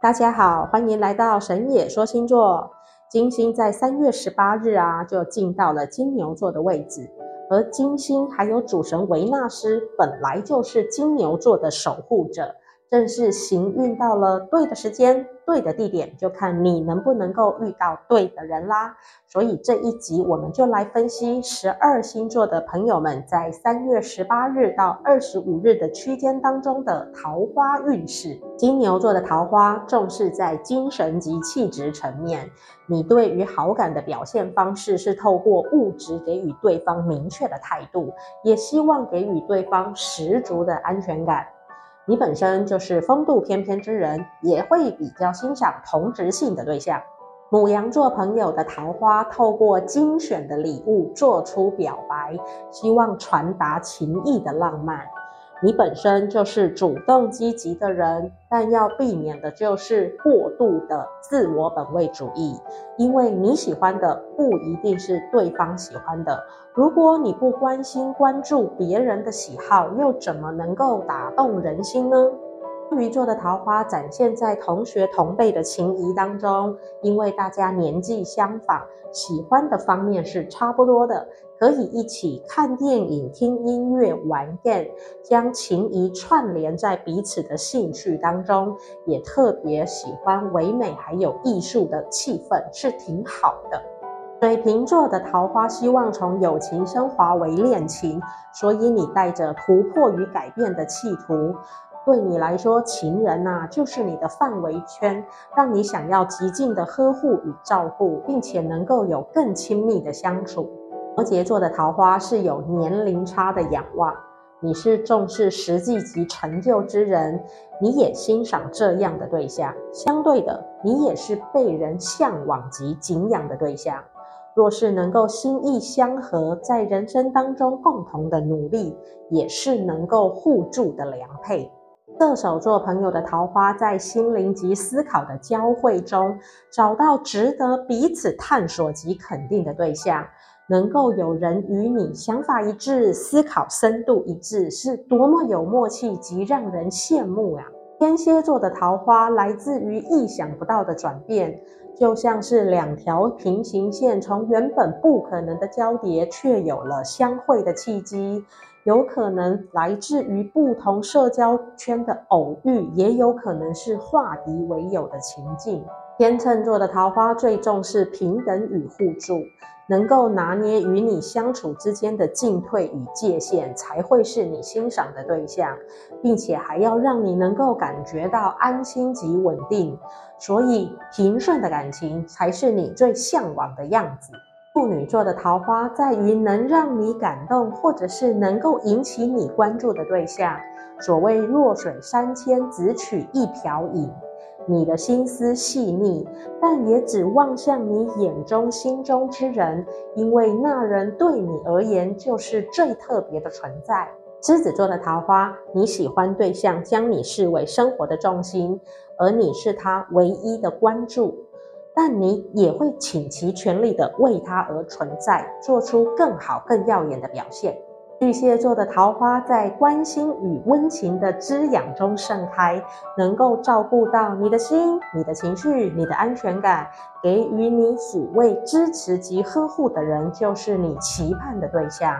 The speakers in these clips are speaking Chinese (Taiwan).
大家好，歡迎來到神野說星座。金星在三月十八日啊，就進到了金牛座的位置，而金星還有主神維納斯，本來就是金牛座的守護者。正是行運到了對的時間、對的地點，就看你能不能夠遇到對的人啦。所以這一集我們就來分析十二星座的朋友們在三月十八日到二十五日的區間當中的桃花運勢。金牛座的桃花重視在精神及氣質層面，你對於好感的表現方式是透過物質給予對方明確的態度，也希望給予對方十足的安全感。你本身就是風度翩翩之人，也會比較欣賞同質性的對象。牡羊座朋友的桃花，透過精選的禮物做出表白，希望傳達情意的浪漫。你本身就是主動積極的人，但要避免的就是過度的自我本位主義，因為你喜歡的不一定是對方喜歡的。如果你不關心關注別人的喜好，又怎麼能夠打動人心呢？雙魚座的桃花展現在同學同輩的情誼當中，因為大家年紀相仿，喜歡的方面是差不多的，可以一起看電影、聽音樂、玩電，將情誼串聯在彼此的興趣當中。也特別喜歡唯美還有藝術的氣氛，是挺好的。水瓶座的桃花希望從友情升華為戀情，所以你帶着突破與改變的企圖。對你來說，情人吶、啊，就是你的範圍圈，讓你想要極盡的呵護與照顧，并且能夠有更親密的相處。摩羯座的桃花是有年齡差的仰望，你是重視實際及成就之人，你也欣賞這樣的對象。相對的，你也是被人向往及敬仰的對象。若是能夠心意相合，在人生當中共同的努力，也是能夠互助的良配。射手座朋友的桃花，在心靈及思考的交匯中，找到值得彼此探索及肯定的對象，能夠有人與你想法一致、思考深度一致，是多麼有默契及讓人羨慕啊！天蠍座的桃花來自於意想不到的轉變，就像是兩條平行線，從原本不可能的交疊，卻有了相會的契機。有可能來自於不同社交圈的偶遇，也有可能是化敵為友的情境。天秤座的桃花最重視平等與互助，能夠拿捏與你相處之間的進退與界限，才會是你欣賞的對象，並且還要讓你能夠感覺到安心及穩定。所以，平順的感情才是你最向往的樣子。處女座的桃花在於能讓你感動，或者是能夠引起你關注的對象。所謂弱水三千，只取一瓢飲。你的心思細膩，但也只望向你眼中、心中之人，因為那人對你而言就是最特別的存在。獅子座的桃花，你喜歡對象將你視為生活的重心，而你是他唯一的關注。但你也會傾其全力的為他而存在，做出更好、更耀眼的表現。巨蟹座的桃花在關心與溫情的滋養中盛開，能夠照顧到你的心、你的情緒、你的安全感，給予你撫慰、支持及呵護的人，就是你期盼的對象。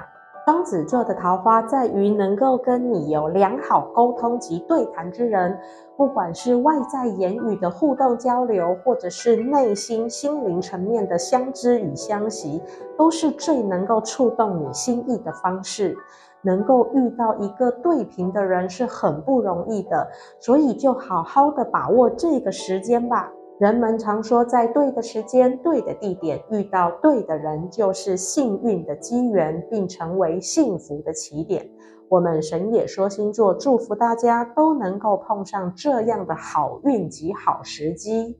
雙子座的桃花在於能夠跟你有良好溝通及對談之人，不管是外在言語的互動交流，或者是內心心靈層面的相知與相惜，都是最能夠觸動你心意的方式。能夠遇到一個對平的人是很不容易的，所以就好好的把握這個時間吧。人們常說，在對的時間、對的地點遇到對的人，就是幸運的機緣，並成為幸福的起點。我們神野說星座，祝福大家都能夠碰上這樣的好運及好時機。